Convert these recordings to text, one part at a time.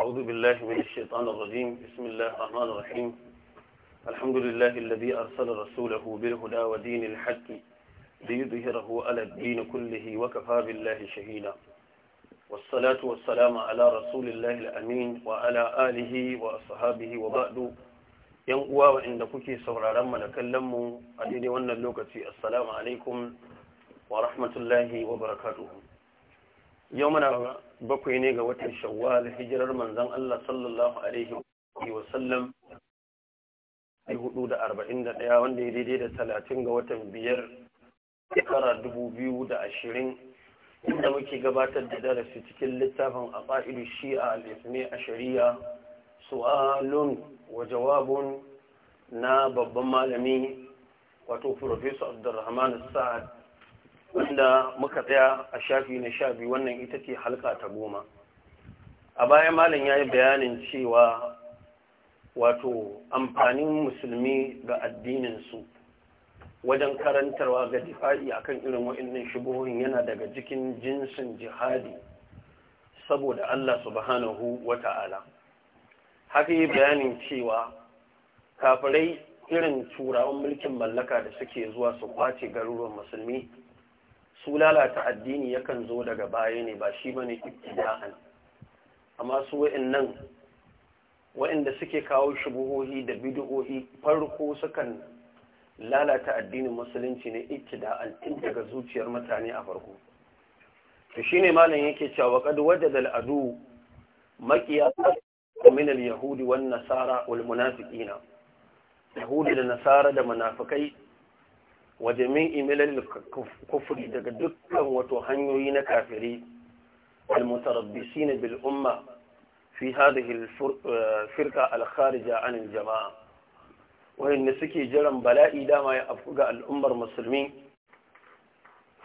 أعوذ بالله من الشيطان الرجيم بسم الله الرحمن الرحيم الحمد لله الذي أرسل رسوله بالهدى ودين الحق ليظهره على الدين كله وكفى بالله شهيدا والصلاة والسلام على رسول الله الأمين وعلى آله وأصحابه وبعد yan uwa waɗanda kuke sauraron mu da kallon mu a daidai wannan lokaci assalamu alaikum wa rahmatullahi wa barakatuhu yau muna bakwai ne ga watan shawwal hijirar manzon Allah sallallahu alaihi wa sallam ai hudu da arba'in da daya wanda ya daidai da talatin ga watan biyar shekara dubu biyu da ashirin inda muke gabatar da darasi cikin littafin a ƙa'idu shi'a al-ismi a shari'a su'alun wa jawabun na babban malami wato furofesa Abdulrahman Sa'ad wanda muka tsaya a shafi na sha biyu wannan ita ce halka ta goma a baya malam ya yi bayanin cewa wato amfanin musulmi ga addininsu wajen karantarwa ga difa'i akan irin wa'annan shigohin yana daga jikin jinsin jihadi saboda Allah subhanahu ta'ala haka yi bayanin cewa kafirai irin turawan mulkin mallaka da suke zuwa su kwace garuruwan musulmi su lalata addini yakan zo daga baya ne ba shi bane ibtida'an amma su wa'annan wa'anda suke kawo shubuhohi da bid'o'i farko sukan lalata addinin musulunci ne ibtida'an tun daga zuciyar mutane a farko to shine malam yake cewa qad wajada al-adu maqiya min al-yahudi wan nasara wal munafiqina yahudi da nasara da munafikai wadda min imelar kufuri daga dukkan wato hanyoyi na kafiri al bil na bil'umma fi hada firka al jama'a wayan suke jiran bala'i dama ya afu ga al'ummar musulmi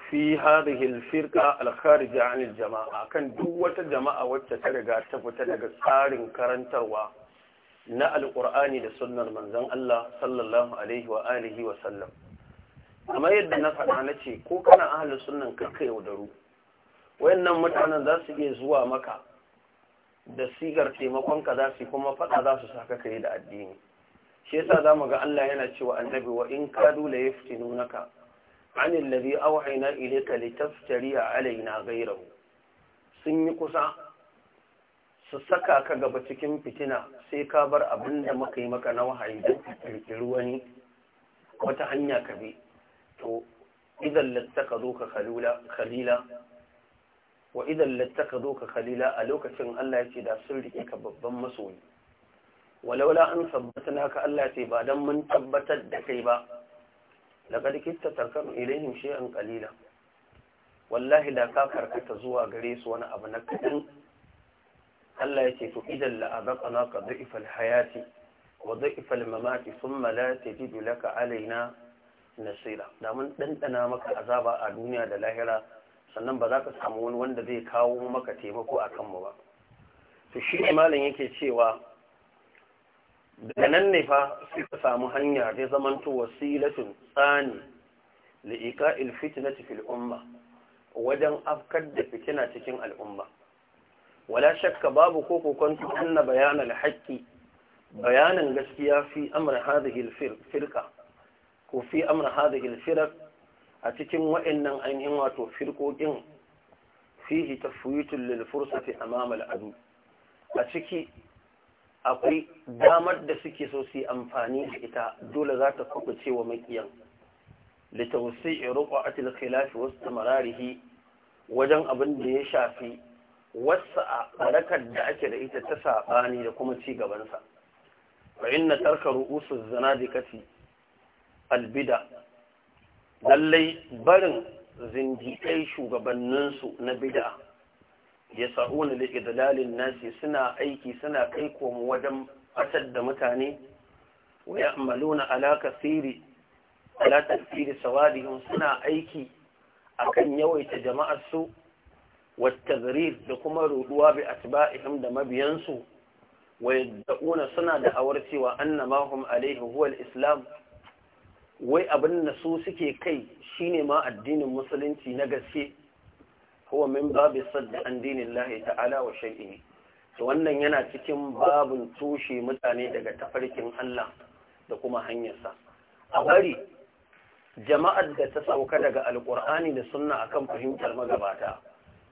fi hada firka al-kharija an jama'a kan duk wata jama'a wacce ta riga ta fita daga tsarin karantarwa na al da sunnar manzon Allah sallallahu alaihi wa wa sallam kamar yadda na faɗa na ce ko kana ahalin sunan da yaudaru wayannan mutanen za su iya zuwa maka da sigar taimakonka za su kuma faɗa za su saka kai da addini shi yasa za mu ga Allah yana cewa annabi wa in ka kadu la yaftinunaka ani alladhi awhayna ilayka litaftari alaina ghayrahu sun yi kusa su saka ka gaba cikin fitina sai ka bar abin da muka yi maka na wahayi don kirkiri wani wata hanya ka bi to idan lattakaduka khalila khalila wa idan khalila a lokacin Allah ya ce da sun rike ka babban masoyi walaula an na ka Allah ce ba dan mun tabbatar da kai ba laqad kitta tarkanu ilayhim an kalila? wallahi da ka karkata zuwa gare su wani abu na kadan Allah ya ce to idan la azaqna ka ifal hayati wa ifal mamati thumma la tajidu laka alaina nasira da mun ɗanɗana maka azaba a duniya da lahira sannan ba za ka samu wani wanda zai kawo maka taimako a kanmu ba to shi ne malam yake cewa daga nan ne fa sai ka samu hanya da zai zamanto wasilatun tsani li'iqa fitnati fil umma wajen afkar da fitina cikin al'umma wala shakka babu ko kokonto anna bayanan haƙƙi bayanan gaskiya fi amr hadhihi al firqa ko fi amra hada al a cikin wa'annan ainihin wato firkokin fihi tafwitul lil fursati amama al-adu a ciki akwai damar da suke so su amfani da ita dole za ta maƙiyan. wa makiyan litawsi'i ruqa'ati al-khilaf wa tamararihi wajen abin da ya shafi wasu a barakar da ake da ita ta saɓani da kuma ci gabansa fa inna tarka ru'usu kati? albida lallai barin zindiƙai shugabanninsu na bida ya sa'una da idalalin nasi suna aiki suna kai komo wajen fatar da mutane wa ya amaluna alaka siri alatar siri sawadihun suna aiki akan yawaita jama'arsu wata da kuma ruduwa bi atba'ihim da mabiyansu wa yadda'una suna da awar cewa annamahum alaihi huwal islam wai abin da su suke kai shine ma addinin musulunci na gaske huwa min babu sadda an dinin lahi ta'ala wa shari'i to wannan yana cikin babun tushe mutane daga tafarkin Allah da kuma hanyarsa a bari jama'ar da ta sauka daga alkur'ani da sunna akan fahimtar magabata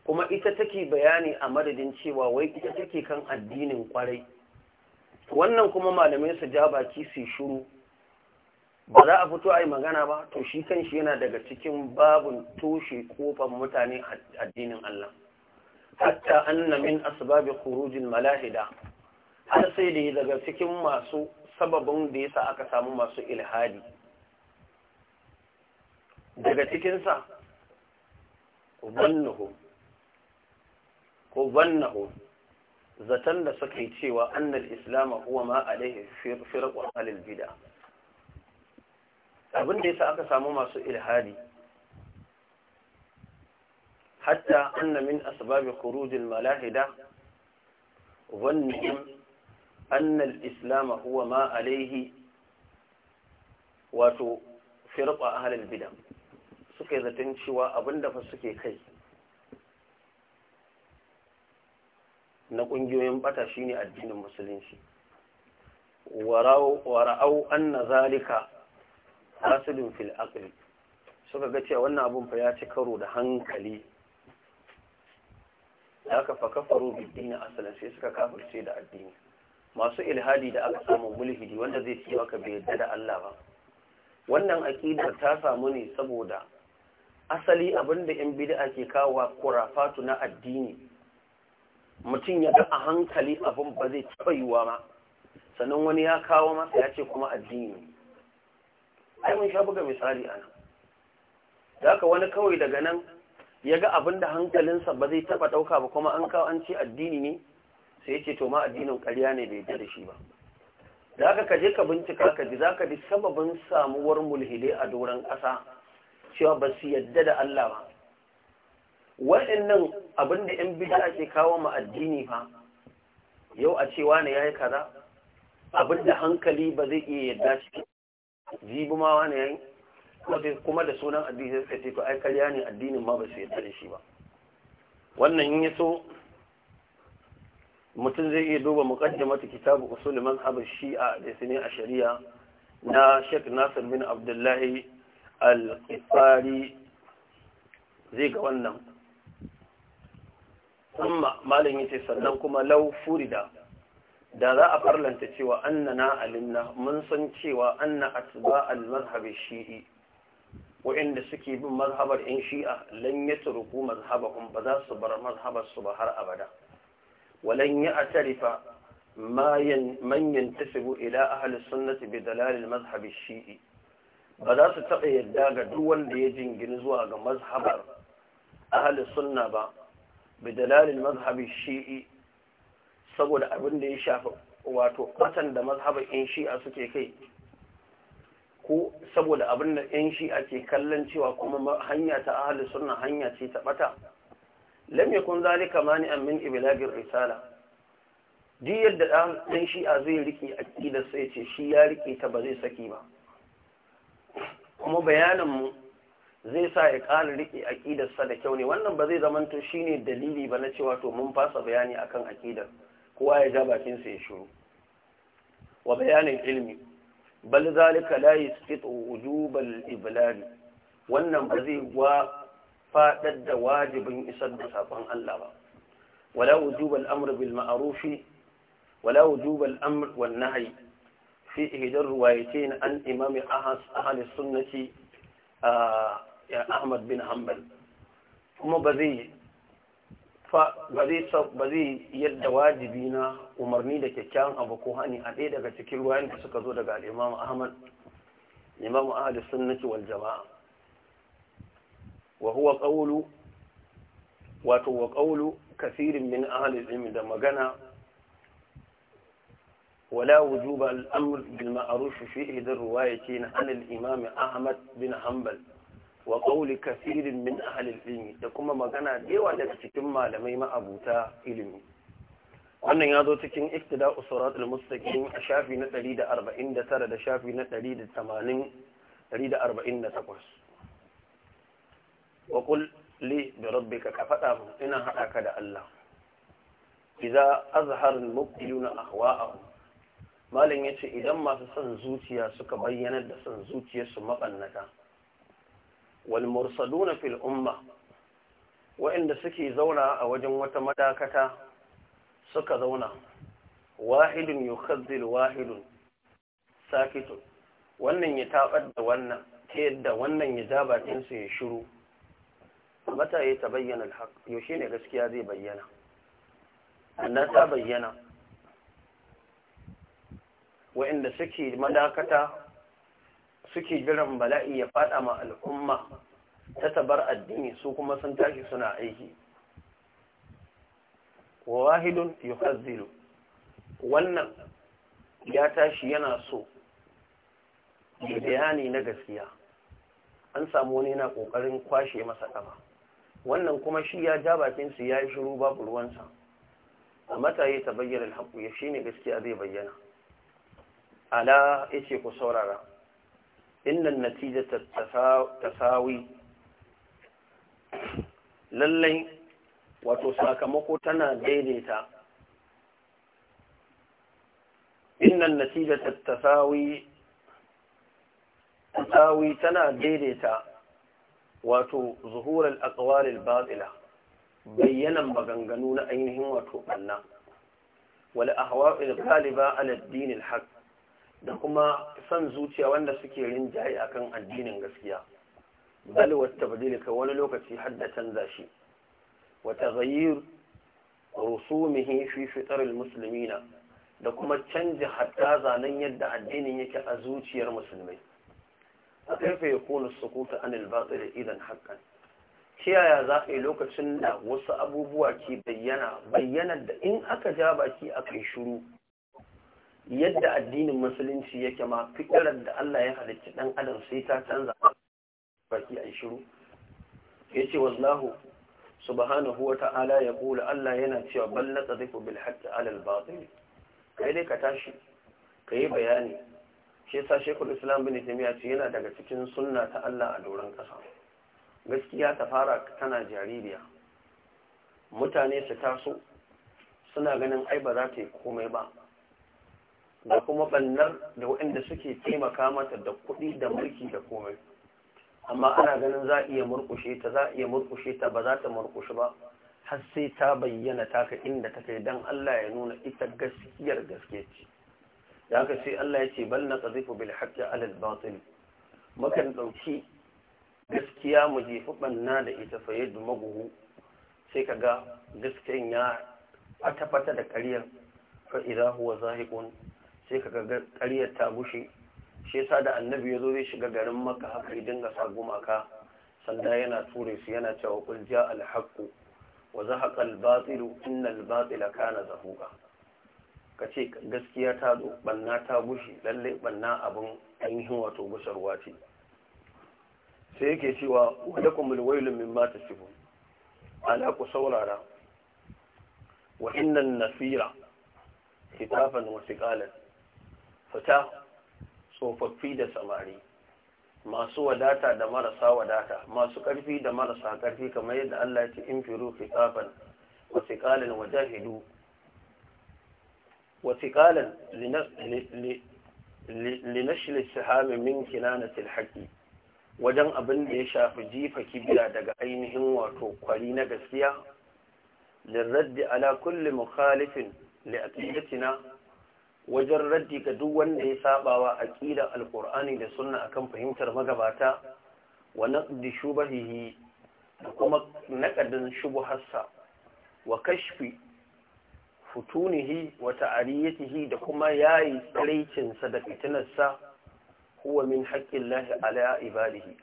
kuma ita take bayani a madadin cewa wai ita take kan addinin kwarai wannan kuma malamai su ja baki su shuru ba za a fito a yi magana ba to shi kan shi yana daga cikin babin toshe kofar mutane addinin Allah hatta anna min asbabi khurujil malahida har sai da daga cikin masu sababin da yasa aka samu masu ilhadi daga cikin sa wannahu ko wannahu zaton da suka yi cewa annal islam huwa ma alaihi firqu alil bid'ah abin da yasa aka samu masu ilhadi hatta anna min asbab khuruj al malahida ظنهم al islam huwa ma alayhi wato firqa al bid'a suke zaton cewa abinda fa suke kai na kungiyoyin bata shine addinin musulunci warau warau anna zalika rasulun fil aqli suka ga cewa wannan abun fa ya ci karo da hankali Ya fa kafaru bi dini sai suka kafirce da addini masu ilhadi da aka samu mulhidi wanda zai ce maka bai yarda da Allah ba wannan aqida ta samu ne saboda asali abinda yan bid'a ke kawo kurafatu na addini mutum ya ga a hankali abin ba zai taɓa yiwa ma sannan wani ya kawo masa ya ce kuma addini ne. ai mun sha buga misali ana da haka wani kawai daga nan ya ga abin da hankalinsa ba zai taɓa ɗauka ba kuma an kawo an ce addini ne sai ya ce to ma addinin ƙarya ne bai yadda da shi ba da haka ka je ka bincika ka ji za ka ji sababin samuwar mulhide a doron ƙasa cewa ba su yadda da Allah ba waɗannan abin da ‘yan bida ke kawo ma addini fa yau a cewa ne ya yi kaza abin da hankali ba zai iya yadda cikin jibu ma wani kuma da sunan addini suka ce to ai karya ne addinin ma ba su yarda da shi ba wannan in yaso mutum zai iya duba mata kitabu usul manhab shi'a da sinin a shari'a na Sheikh Nasir bin Abdullahi al-Qifari zai ga wannan amma malam yace sannan kuma law furida da za a farlanta cewa annana alinna mun san cewa anna atba al-mazhab shi'i wa'inda suke bin mazhabar in shi'a lan yatruku mazhabahum ba za su bar mazhabar su ba har abada walan ya atarifa ma yan man yantasibu ila ahli sunnati bi dalal al-mazhab shi'i ba za su taɓa yadda ga duk wanda ya jingini zuwa ga mazhabar ahli sunna ba bi dalal al-mazhab shi'i saboda abin da ya shafi wato kwatan da mazhaban yan shi'a suke kai ko saboda abin da yan shi'a ke kallon cewa kuma hanya ta ahalin suna hanya ce ta bata kun yakun zalika mani amin ibilagin risala duk yadda ɗan shi'a zai riƙe ƙidar sai ce shi ya riƙe ta ba zai saki ba kuma bayaninmu zai sa ya ƙara riƙe aƙidarsa da kyau ne wannan ba zai zamanto shi ne dalili ba na cewa to mun fasa bayani akan aƙidar kowa ya ja bakinsa ya shiru wa bayanin ilmi bal zalika la yasfitu wujubal iblali wannan ba zai wa fadar da wajibin isar da safan Allah ba wala wujubal amr bil ma'rufi wala wujubal amr wan nahy fi ihdar riwayatain an imam ahli sunnati ah, ahmad bin hanbal kuma ba zai ba zai yadda wajibi na umarni da kyakkyawan abu ko hani a ɗaya daga cikin ruwayen da suka zo daga imamu ahmad imamu ahli sunnati wal jama'a wa huwa qawlu wato wa qawlu kathirin min ahli ilmi da magana ولا وجوب الأمر بالمعروف في إذا na عن الإمام ahmad bin hambal. wa ƙauli kasirin min ahalil ilmi da kuma magana da yawa daga cikin malamai ma'abuta ilimi wannan ya zo cikin iftida usurat al-mustaqim a shafi na 149 da shafi na 148 wa qul li bi rabbika ka fada mu ina hada ka da Allah idza azhar al-mubtiluna ahwa'ahum malin yace idan masu son zuciya suka bayyana da son zuciyarsu maƙannata wal mursaluna fil umma wa'inda suke zauna a wajen wata madakata suka zauna wahidun yukhazzil wahidun Sakitu. wannan ya tabar da wannan ta yadda wannan ya ja bakinsa ya shiru mata ya ta bayyana alhaq yaushe ne gaskiya zai bayyana annan ta bayyana wa'inda suke madakata suke jiran bala'i ya fada ma al'umma ta tabar addini su kuma sun tashi suna aiki wa wahidun yuhazzilu wannan ya tashi yana so da bayani na gaskiya an samu wani yana kokarin kwashe masa kafa wannan kuma shi ya ja bakin ya yayi shiru babu ruwansa a mataye ta bayyana alhaqu ya shine gaskiya zai bayyana ala yace ku saurara إن النتيجة التفاوي للي وتساك مقتنا ديديتا إن النتيجة التساوي تساوي تنا ديديتا واتو ظهور الأقوال الباطلة بينا مغنغنون أينهم واتو أنا ولأهواء الغالبة على الدين الحق da kuma son zuciya wanda suke rinjaye akan addinin gaskiya bal wastabdil ka wani lokaci har da canza shi wa taghayyir rusumihi fi fitar almuslimina da kuma canja hatta zanen yadda addinin yake a zuciyar musulmai a kaifa yakunu sukuta an albatil idan haqqan kiyaya za a yi lokacin da wasu abubuwa ke bayyana bayyana da in aka ja baki a kai shuru yadda addinin musulunci yake ma fitarar da Allah ya halicci dan adam sai ta canza baki a shiru yace wallahu subhanahu wa ta'ala ya kula Allah yana cewa ballaka zaiku bil haqqi ala al batil kai dai ka tashi kai bayani shi yasa shekul islam bin jami'a ce yana daga cikin sunna ta Allah a doron kasa gaskiya ta fara tana jaririya mutane su taso suna ganin ai ba za ta yi komai ba da kuma bannar da waɗanda suke taimaka mata da kuɗi da mulki da komai amma ana ganin za a iya murkushe ta za a iya murkushe ta ba za ta murkushe ba har sai ta bayyana taka inda ta kai don Allah ya nuna ita gaskiyar gaske ce da haka sai Allah ya ce bal na qazifu bil haqqi ala al batil makan dauki gaskiya mu jefi banna da ita fa yadda maguhu sai ga gaskiyar ya fata fata da ƙaryar fa huwa zahiqun sai ka ga ƙaryar ta bushe shi yasa da annabi ya zo zai shiga garin maka haka ya dinga sa gumaka sanda yana ture su yana cewa kul ja al haqqu wa zahaqa al inna al kana zahuqa kace gaskiya ta zo banna ta bushe lalle banna abun ainihin wato busarwa ce sai yake cewa walakum al wailu mimma tasifun ala ku saurara wa inna an nasira kitafan wa fita tsofaffi da samari masu wadata da marasa wadata masu ƙarfi da marasa ƙarfi kamar yadda Allah ya ce in firu tsafan wasiƙalin wajahidu wasiqalan linashil siham min kinana alhaqi wajen abin da ya shafi jifa kibiya daga ainihin wato kwari na gaskiya lirraddi ala kulli mukhalifin li aqidatina wajen raddi ga duk wanda ya sabawa aqida Alƙur'ani da sunna akan fahimtar magabata wa naqdi shubahihi da kuma naqadin shubuharsa wa kashfi futunihi wa ta'ariyatihi da kuma yayi yi sa da fitinarsa huwa min haqqillahi ala ibadihi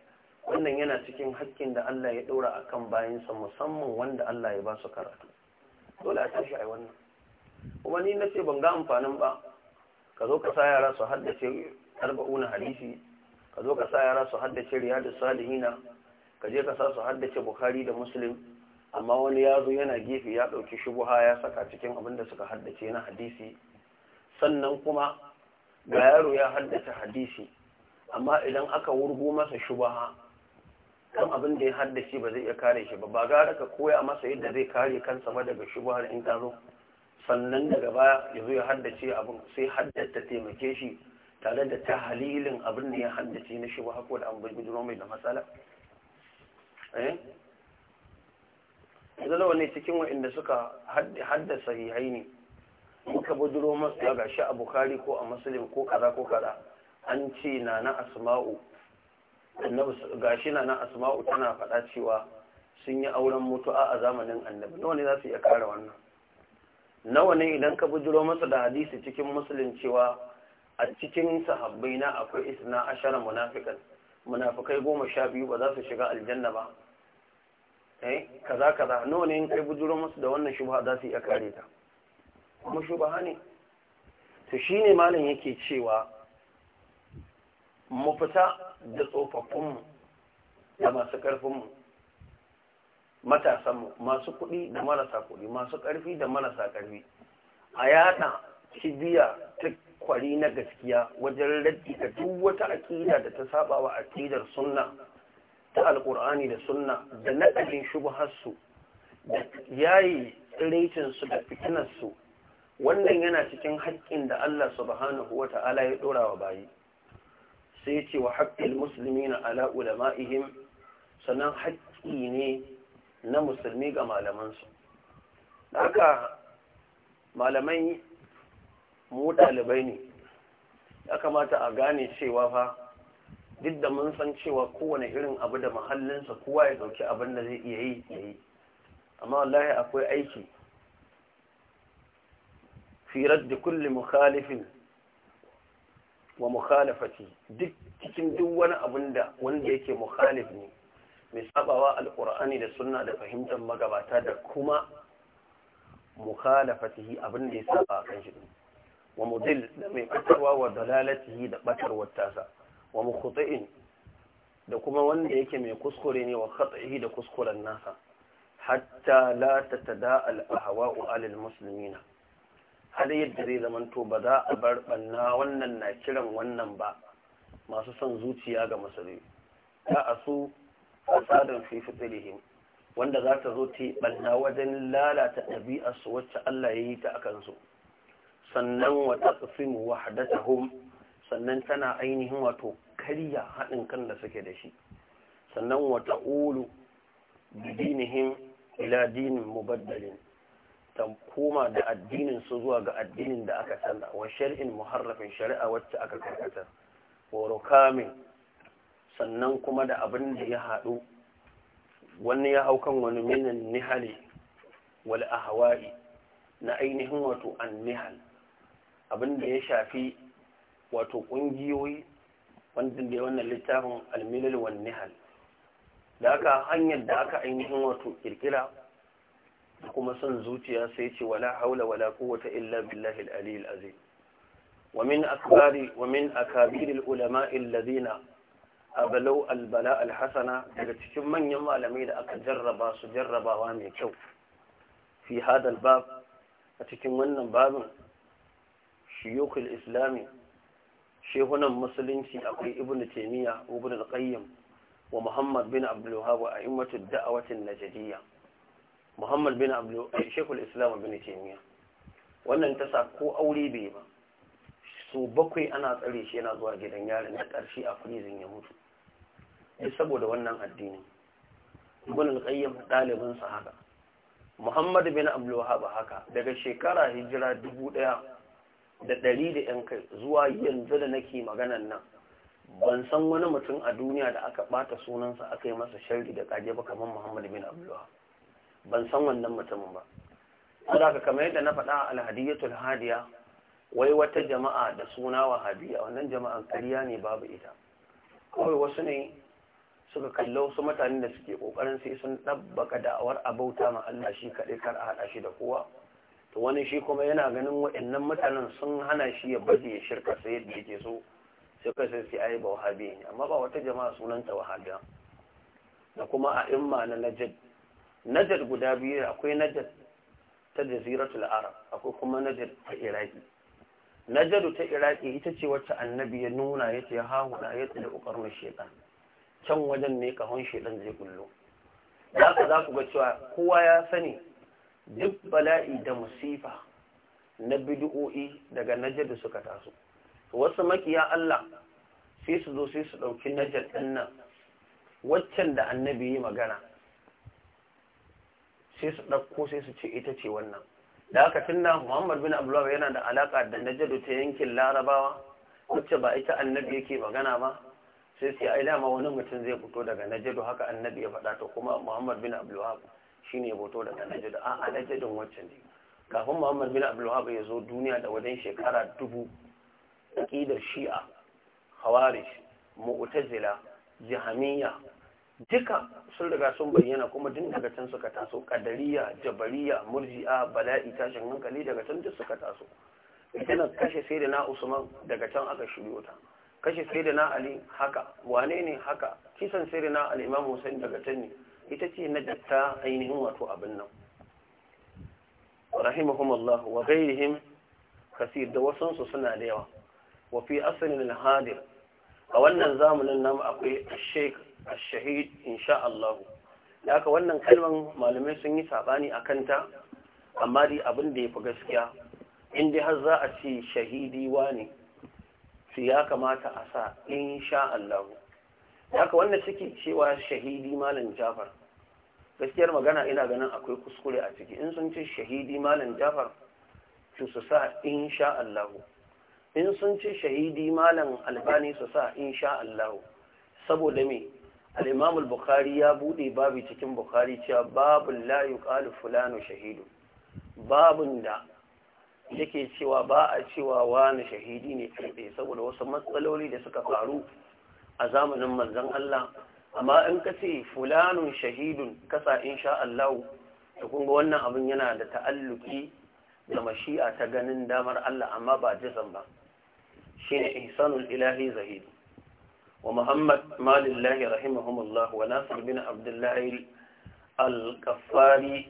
wannan yana cikin haƙƙin da Allah ya ɗora akan kan bayansa musamman wanda Allah ya ba su karatu dole a tashi a yi wannan kuma ni na ce ban ga amfanin ba ka zo ka sa yara su haddace arba'una hadisi ka zo ka sa yara su haddace riyadus salihina ka je ka sa su haddace bukhari da muslim amma wani ya yana gefe ya dauki shubuha ya saka cikin abin da suka haddace na hadisi sannan kuma ga yaro ya haddace hadisi amma idan aka wurgo masa shubuha kan abin da ya haddace ba zai iya kare shi ba ba gara ka koya masa yadda zai kare kansa ba daga shubuhar in ta zo sannan daga baya ya zo ya haddace abin sai haddata taimake shi tare da ta halilin abin da ya haddace na shi ba hako da an bai mai da matsala eh zalawa wani cikin inda suka haddasa yi ne muka bujiro masu ya gashi a bukari ko a musulun ko kaza ko kaza an ce na na asma'u gashi na na asma'u tana faɗa cewa sun yi auren mutu a zamanin annabi wani za su iya kare wannan nawa ne idan ka bujiro masa da hadisi cikin musulun cewa a cikin sahabbai na akwai isna ashara munafikan munafikai goma sha biyu ba za su shiga aljanna ba eh kaza kaza nawa ne in kai bujiro masa da wannan shubha za su iya kare ta kuma shubha ne to shine malam yake cewa mu fita da tsofaffin mu da masu karfin matasanmu masu kuɗi da marasa kuɗi masu ƙarfi da marasa ƙarfi a yaɗa cibiya ta kwari na gaskiya wajen raddi ga duk wata aƙida da ta saba wa aƙidar sunna ta alƙur'ani da sunna da naɗarin shubuharsu da yayi tsiraicinsu da fitinarsu wannan yana cikin haƙƙin da Allah subhanahu wa ta'ala ya ɗora wa bayi sai ce wa haƙƙin musulmi na da ulama'ihim sannan haƙƙi ne na musulmi ga malamansu haka malamai mu ɗalibai ne ya kamata a gane cewa fa duk da mun san cewa kowane irin abu da mahallinsa kowa ya ɗauki abin da zai iya yi ya yi amma wallahi akwai aiki firar da kulle mukhalifin wa mukhalafati duk cikin duk wani abin da wanda yake mukhalif ne mai sabawa alkur'ani da sunna da fahimtar magabata da kuma mukhalafatihi abin da ya saba kan shi wa mudil da mai batarwa wa dalalatihi da batarwar tasa wa mukhtain da kuma wanda yake mai kuskure ne wa khata'ihi da kuskuren nasa hatta la tatada al ahwa'u alil muslimina har yadda zai zamanto ba za a bar banna wannan na kiran wannan ba masu son zuciya ga musulmi ta asu fasadun fi fitrihim wanda za ta zo ta ɓanna wajen lalata ɗabi'arsu wacce Allah ya yi ta a kansu sannan wata wa taqsimu wahdatahum sannan tana ainihin wato karya haɗin kan da suke da shi sannan wata ulu bidinihim ila dinin mubaddalin ta koma da addinin su zuwa ga addinin da aka sanna wa shari'in muharrafin shari'a wacce aka karkatar wa rukamin sannan kuma da abin da ya haɗu wani ya hau kan wani minan nihali wal ahwa'i na ainihin wato an nihal abin da ya shafi wato ƙungiyoyi wanda da wannan littafin almilal wal nihal da aka hanyar da aka ainihin wato kirkira kuma son zuciya sai ce wala haula wala quwwata illa billahi al-ali al-azim wa min akbari wa min akabiri al abalau albala alhasana daga cikin manyan malamai da aka jarraba su jarrabawa mai kyau fi hadal bab a cikin wannan babin shiyukul islami shehunan musulunci akwai ibn taymiya ibnu al wa muhammad bin abdul wahhab a immatu da'awatin najdiyya muhammad bin abdul islam wannan ta sa ko aure bai ba so bakwai ana tsare shi yana zuwa gidan yarin na ƙarshe a prison ya mutu duk saboda wannan addini ibn ƙayyar ɗalibin sa haka muhammad bin abdul ba haka daga shekara hijira dubu ɗaya da ɗari da yan kai zuwa yanzu da nake maganan nan ban san wani mutum a duniya da aka ɓata sunansa aka yi masa sharri da ƙage ba kamar muhammad bin abdul ban san wannan mutumin ba kuma kamar yadda na faɗa a alhadiyyatul hadiya wai wata jama'a da suna wahabiya wannan jama'an kariya ne babu ita kawai wasu ne suka kalli wasu mutane da suke kokarin sai sun ɗabbaka da'awar abauta ma Allah shi kaɗai kar a haɗa shi da kowa to wani shi kuma yana ganin waɗannan mutanen sun hana shi ya baje ya shirka sai yadda yake so sai kai sai ai ba wahabi ne amma ba wata jama'a sunanta wahabiya da kuma a imma na najad najad guda biyu akwai najad ta jaziratul arab akwai kuma najad ta iraki najadu ta iraki ita ce wacce annabi ya nuna ya ce hahuna ya tsada ukarun shaitan can wajen ne kahon shaitan zai kullo za ka za ku ga cewa kowa ya sani duk bala'i da musifa na bidu'o'i daga najadu suka taso wasu makiya Allah sai su zo sai su ɗauki najad ɗin nan waccan da annabi yi magana sai su ɗauko sai su ce ita ce wannan da haka tunna Muhammad bin Abdullah yana da alaka da Najd ta yankin Larabawa wacce ba ita annabi yake magana ba sai sai ai dama wani mutum zai fito daga Najd haka annabi ya faɗa to kuma Muhammad bin Abdullah shine ya fito daga Najd a a Najd wacce ne kafin Muhammad bin Abdullah ya zo duniya da wajen shekara dubu aqidar Shi'a Khawarij Mu'tazila Jahmiyyah duka sun riga sun bayyana kuma din daga can suka taso kadariya jabariya murji'a bala'i tashin hankali daga can duk suka taso ita kashe sai da na usman daga can aka shiryo ta kashe sai da na ali haka wane ne haka kisan sai da na al'imam daga can ne ita ce na datta ainihin wato abin nan rahimahumallah wa gairihim kasir da wasansu suna da yawa Wafi fi asalin hadir a wannan zamanin namu akwai sheik shahid insha Allah da aka wannan kalman malamai sun yi sabani a kanta amma dai abin da ya fi gaskiya inda har za a ce shahidi ne su ya kamata a sa insha Allah da aka wannan suke cewa shahidi malam jafar gaskiyar magana ina ganin akwai kuskure a ciki in sun ce shahidi malam jafar su su sa insha Allah in sun ce shahidi malam albani su sa insha Allah saboda me al-imam al-bukhari ya bude babu cikin bukhari cewa babu la yuqalu fulanu shahidu babun da yake cewa ba a cewa wani shahidi ne karbe saboda wasu matsaloli da suka faru a zamanin manzon Allah amma in ka ce fulanun shahidun kasa insha Allah to kun ga wannan abin yana da ta'alluki da mashi'a ta ganin damar Allah amma ba jizan ba shine ihsanul ilahi zahid wa muhammad malillahi rahimahumullah wa nasir bin abdullahi al-kaffari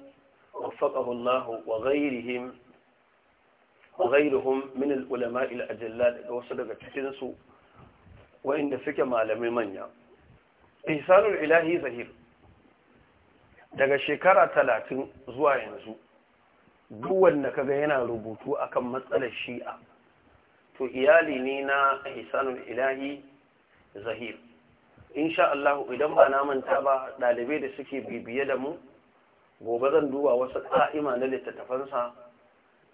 wafaqahu allah wa ghayrihim wa ghayruhum min al-ulama al-ajallad wasu daga tikinsu wa inda suke malami manya ihsanul ilahi zahid daga shekara 30 zuwa yanzu duk wanda kaga yana rubutu akan matsalar shi'a to iyali ne na ihsanul ilahi zahir insha Allah idan ba na manta ba dalibai da suke bibiye da mu gobe zan duba wasu ka'ima na littattafansa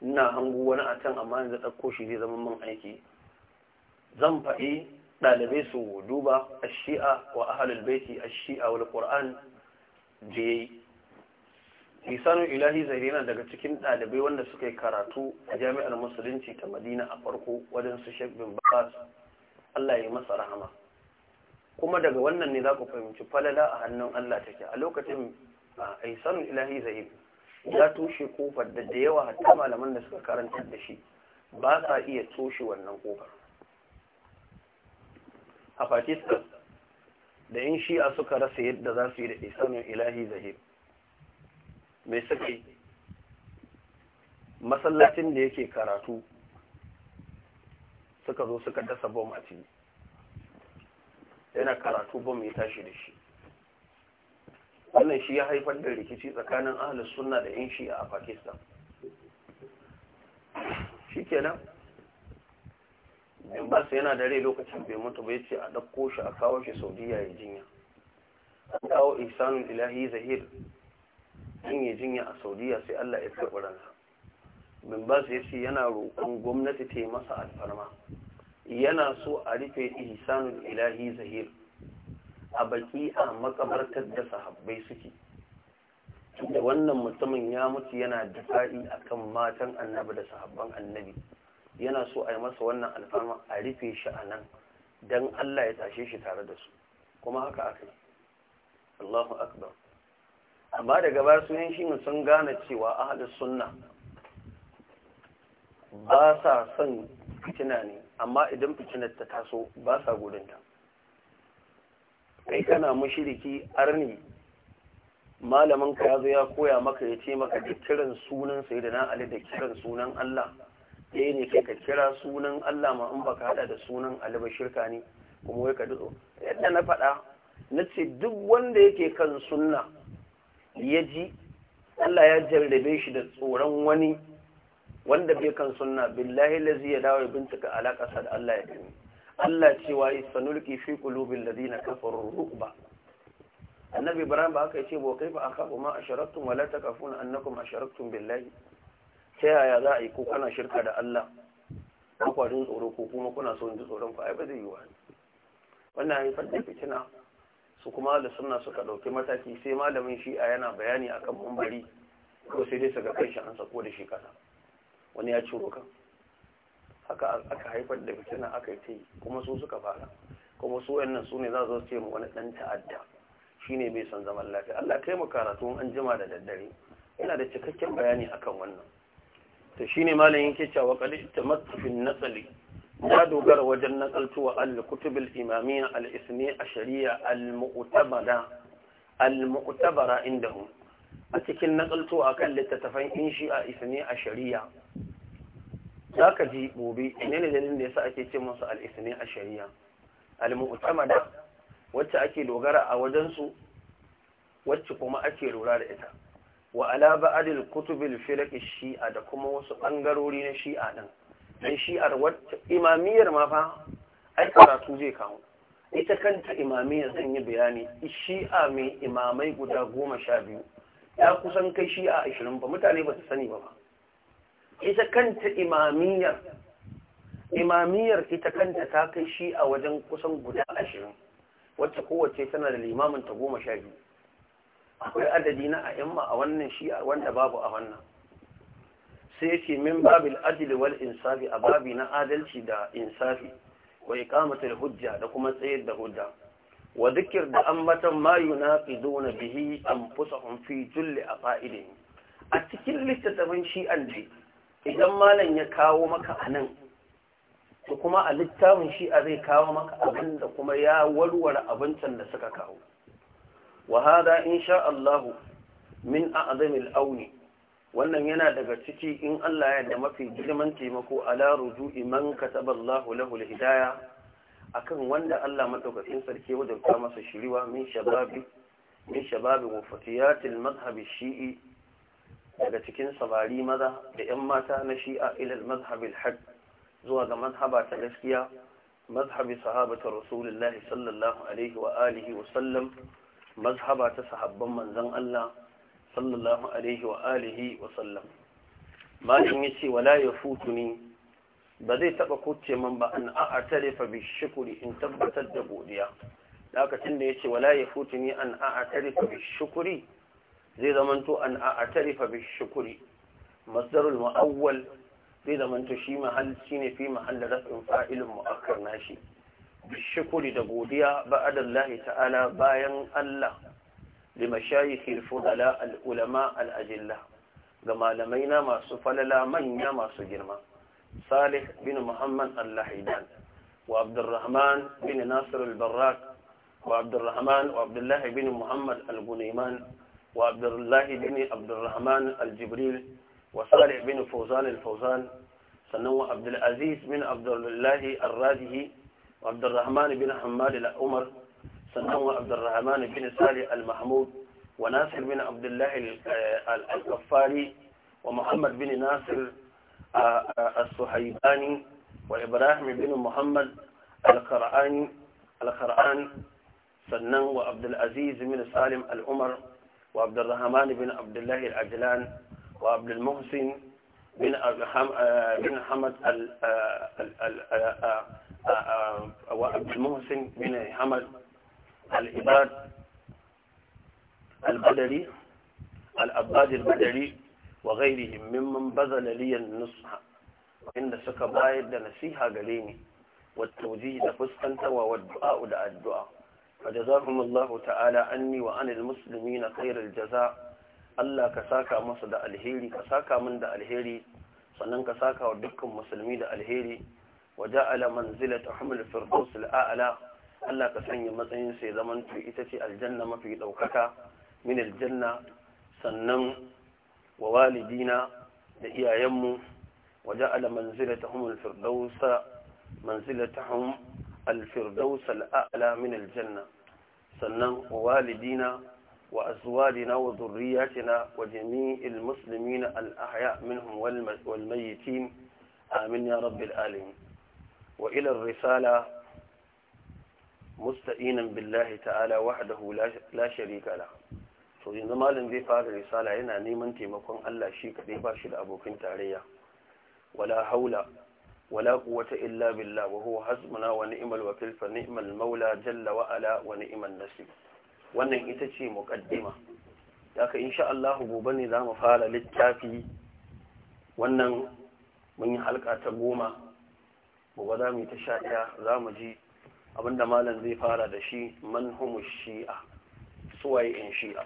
ina hango wani a can amma yanzu dauko shi zai zama man aiki zan faɗi dalibai su duba a shi'a wa ahlul baiti a shi'a wal qur'an da lisanu ilahi zaire yana daga cikin ɗalibai wanda suka yi karatu a jami'ar musulunci ta madina a farko wajen su shek bin bas allah ya masa rahama kuma daga wannan ne za ku fahimci falala a hannun allah take a lokacin lisanu ilahi zaire ya tushe kofar da da yawa hatta malaman da suka karanta da shi ba sa iya toshe wannan kofar a pakistan da in shi'a suka rasa yadda za su yi da isanin ilahi zaire mai suke? masallacin da yake karatu suka zo suka dasa bom a ciki yana karatu bom ya tashi da shi wannan shi ya haifar da rikici tsakanin ahalus sunna da yan shi'a a pakistan shi kenan bas yana da rai lokacin bai mutu bai ce a ɗauko shi a kawo shi saudiya ya jinya an kawo isanun ilahi zahir an yi jinya a saudiya sai allah ya fi ransa min ba ya ce yana roƙon gwamnati ta yi masa alfarma yana so a rufe ihsanul ilahi zahir a baki a makabartar da sahabbai suke da wannan mutumin ya mutu yana da a kan matan annabi da sahabban annabi yana so a yi masa wannan alfarma a rufe shi a nan don allah ya tashe shi tare da su kuma haka aka yi allahu akbar amma daga gabar su yin shi sun gane cewa ahalus suna ba sa son fitina ne amma idan fitinar ta taso ba sa gudunta kai kana mushiriki arni malamin ka yazo ya koya maka ya ce maka da kiran sunan na ali da kiran sunan Allah ya eh ne kai ka kira sunan Allah ma in baka hada da sunan Ali ba shirka ne kuma wai ka dudo yadda na faɗa na ce duk wanda yake kan sunna ya ji Allah ya jarrabe shi da tsoron wani wanda bai kan sunna billahi lazi ya dawo ya bintika sa da Allah ya gani Allah cewa isanulki sanulki fi qulubil ladina kafaru ruqba annabi ibrahim ba haka yace ba kai fa akafu ma asharaktum wala takafun annakum asharaktum billahi ta yaya za a yi ko kana shirka da Allah ko kwarin tsoro ko kuma kuna son ji tsoron fa ai ba zai yi wa wannan haifar da fitina su kuma da suna suka ɗauki mataki sai malamin shi'a yana bayani a kan mambari ko sai dai suka kai shi an sako da shi kasa wani ya ciro kan haka aka haifar da fitina aka yi ta yi kuma su suka fara kuma su wayannan su ne za su ce mu wani dan ta'adda shine bai san zaman lafiya Allah kai mu karatu an jima da daddare yana da cikakken bayani akan wannan to shine malamin yake cewa qalil tamattufin nasali ta dogara wajen nakaltuwa al-kutubul imamiyya al-ismi ashariya al-mu'tabara al-mu'tabara indahum a cikin nakaltuwa kan littattafan inshi a ismi ashariya zaka ji gobe ne ne dalilin da yasa ake ce musu al-ismi ashariya al-mu'tamada wacce ake dogara a wajen su wacce kuma ake lura da ita wa ala ba'dil kutubil firaq shi'a da kuma wasu bangarori na shi'a din dan shi'ar wacce imamiyar ma fa ai karatu zai kawo ita kanta imamiyar zan yi bayani shi'a mai imamai guda goma sha biyu ya kusan kai shi'a ashirin ba mutane ba su sani ba ita kanta imamiyar imamiyar ita kanta ta kai shi'a wajen kusan guda ashirin wacce kowace tana da limamin ta goma sha biyu akwai adadi na a'imma a wannan shi'a wanda babu a wannan sai yake min babil ajili wal insafi a babi na adalci da insafi wa iqamatul hujja da kuma tsayar da hujja wa dhikr da ambatan ma yunaqiduna bihi anfusahum fi julli aqaidihim a cikin littattafan shi'an dai idan malam ya kawo maka anan to kuma a littafin shi'a zai kawo maka abin da kuma ya warware abincin da suka kawo wa hada insha Allah min a'zamil auni wannan yana daga ciki in Allah ya da mafi girman taimako ala ruju'i man kataba Allahu lahu al-hidayah akan wanda Allah madaukakin sarki wanda ka masa shiriwa min shababi min shababi wa fatiyatil madhhab shii daga cikin samari maza da ƴan mata na shi'a ila al-madhhab al-haq zuwa ga madhhaba ta gaskiya madhhabi sahabatu rasulullahi sallallahu alaihi wa alihi wa sallam madhhaba ta sahabban manzon Allah sallallahu alaihi wa alihi wa sallam malin yace wala yafutuni ba zai taba kuce man ba an a'tarifa bi shukri in tabbatar da godiya lokacin da yace wala yafutuni an a'tarifa bi shukri zai zamanto an a'tarifa bi shukri masdarul muawwal zai zamanto shi mahal shine fi mahall raf'in fa'ilun mu'akkar nashi bi shukri da godiya ba'adallahi ta'ala bayan Allah لمشايخ الفضلاء العلماء الأجلة كما لمينا ما سفللا من ما سجرما صالح بن محمد اللحيدان وعبد الرحمن بن ناصر البراك وعبد الرحمن وعبد الله بن محمد الغنيمان وعبد الله بن عبد الرحمن الجبريل وصالح بن فوزان الفوزان سنو عبد العزيز بن عبد الله الرازي وعبد الرحمن بن حماد الأمر سنوى عبد الرحمن بن سالي المحمود وناصر بن عبد الله آه، الكفاري ومحمد بن ناصر آه، آه، السحيباني وإبراهيم بن محمد القرآني القرآن سنن وعبد العزيز بن سالم العمر وعبد الرحمن بن عبد الله العجلان وعبد المحسن بن بن حمد وعبد المحسن بن حمد العباد البدري العباد البدري وغيرهم ممن بذل لي النصح وإن سكا بايد نسيها قليني والتوجيه فسقنت والدعاء دع الدعاء فجزاهم الله تعالى عني وعن المسلمين خير الجزاء Allah ka saka masa da alheri ka saka min da alheri sannan ka saka wa dukkan musulmi da alheri wa ja'ala manzilata hamil firdaus al'a'la Allah ka sanya matsayin sai zaman to ita ce aljanna mafi ɗaukaka min aljanna sannan wa walidina da iyayenmu wa ja'ala manzilatahum al-firdausa manzilatahum al-firdaus al-a'la min aljanna sannan wa walidina wa azwajina wa dhurriyyatina wa jami'il muslimina al-ahya' minhum wal mayyitin amin ya rabbil alamin wa ila ar-risala musta'inan billahi ta'ala wahdahu la sharika la to yanzu malam zai fara risala yana neman taimakon Allah shi kaɗai ba shi da abokin tarayya wala haula wala quwwata illa billah wa huwa hasbuna wa ni'mal wakil fa ni'mal maula jalla wa ala wa ni'mal nasib wannan ita ce muqaddima haka insha Allah gobe ne zamu fara littafi wannan mun yi halka ta goma gobe za mu yi ta sha ɗaya za mu ji abinda malam zai fara da shi manhumu shi'a suwaye in shi'a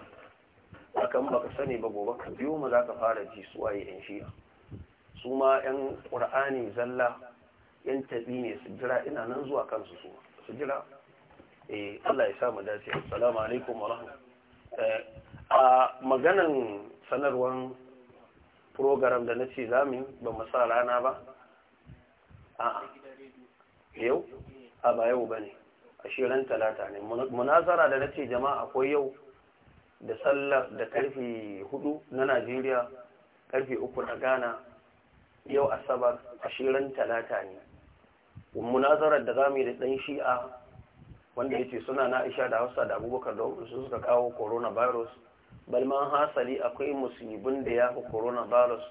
akan baka sani ba gobe ka biyo mu zaka fara ji suwaye in shi'a su ma yan qur'ani zalla yan tabi ne su jira ina nan zuwa kansu su su jira eh Allah ya sa mu dace assalamu alaikum wa rahmatullahi eh, a maganan sanarwan program da nace zamu ba mu sa rana ba a'a yau a ba yau ba ne a shirin talata ne munazara da nace jama'a akwai yau da sallah da karfe hudu na najeriya karfe uku na ghana yau asabar a shirin talata ne munazarar da zamu yi da dan shi'a wanda ya suna na isha da hausa da abubakar da su suka kawo coronavirus balman hasali akwai musibin da ya fi coronavirus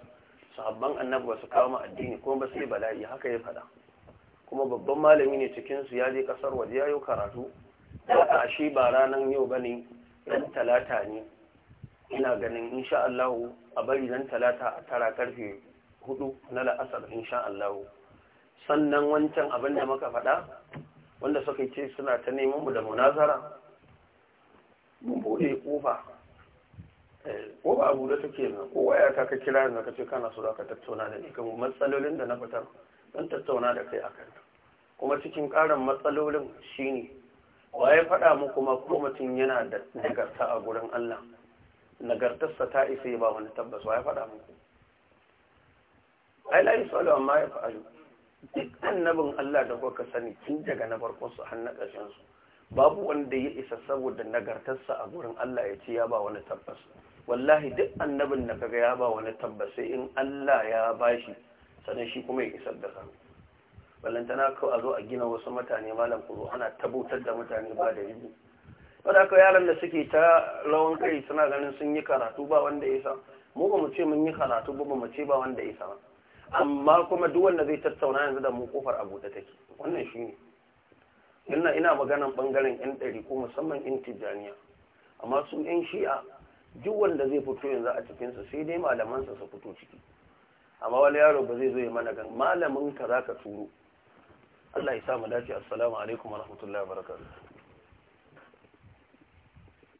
sahabban annabi ba su kawo addini kuma ba sai bala'i haka ya faɗa kuma babban malami ne cikinsu ya je kasar waje ya yi karatu da shi ba ranar yau ba ne talata ne ina ganin insha Allah a bari nan talata a tara karfe hudu na la'asar insha Allah sannan wancan abin da muka faɗa wanda suka ce suna ta neman mu da munazara mun bude kofa ba eh, abu da take nan kowa ya ka kira yanzu ka ce kana so ka tattauna da ni kan matsalolin da na fitar don tattauna da kai a kanta kuma cikin ƙarin matsalolin shine wa ya faɗa muku ma ko mutum yana da nagarta a gurin Allah nagartarsa ta isa ba wani tabbas wa ya faɗa muku ai la yusalu amma ya fa'alu duk annabin Allah da kuka sani tun daga na farkon su har na ƙarshen su babu wanda ya isa saboda nagartarsa a gurin Allah ya ce ya ba wani tabbas wallahi duk annabin da kaga ya ba wani tabbas sai in Allah ya bashi sannan shi kuma ya isar da sanu ballantana kawai a zo a gina wasu mutane malam kuro ana tabbatar da mutane ba da ribu wadda aka yaran da suke ta rawan kai suna ganin sun yi karatu ba wanda ya sa mu ba mu ce mun yi karatu ba mu ce ba wanda ya sa amma kuma duk wanda zai tattauna yanzu da mu kofar a da take wannan shi ne ina ina maganan bangaren yan ɗari ko musamman yan tijjaniya amma su yan shi'a duk wanda zai fito yanzu a cikinsu sai dai malamansa su fito ciki amma wani yaro ba zai zo ya mana gan malamin ka zaka turo Allah ya sa mu dace assalamu alaikum wa barakatuh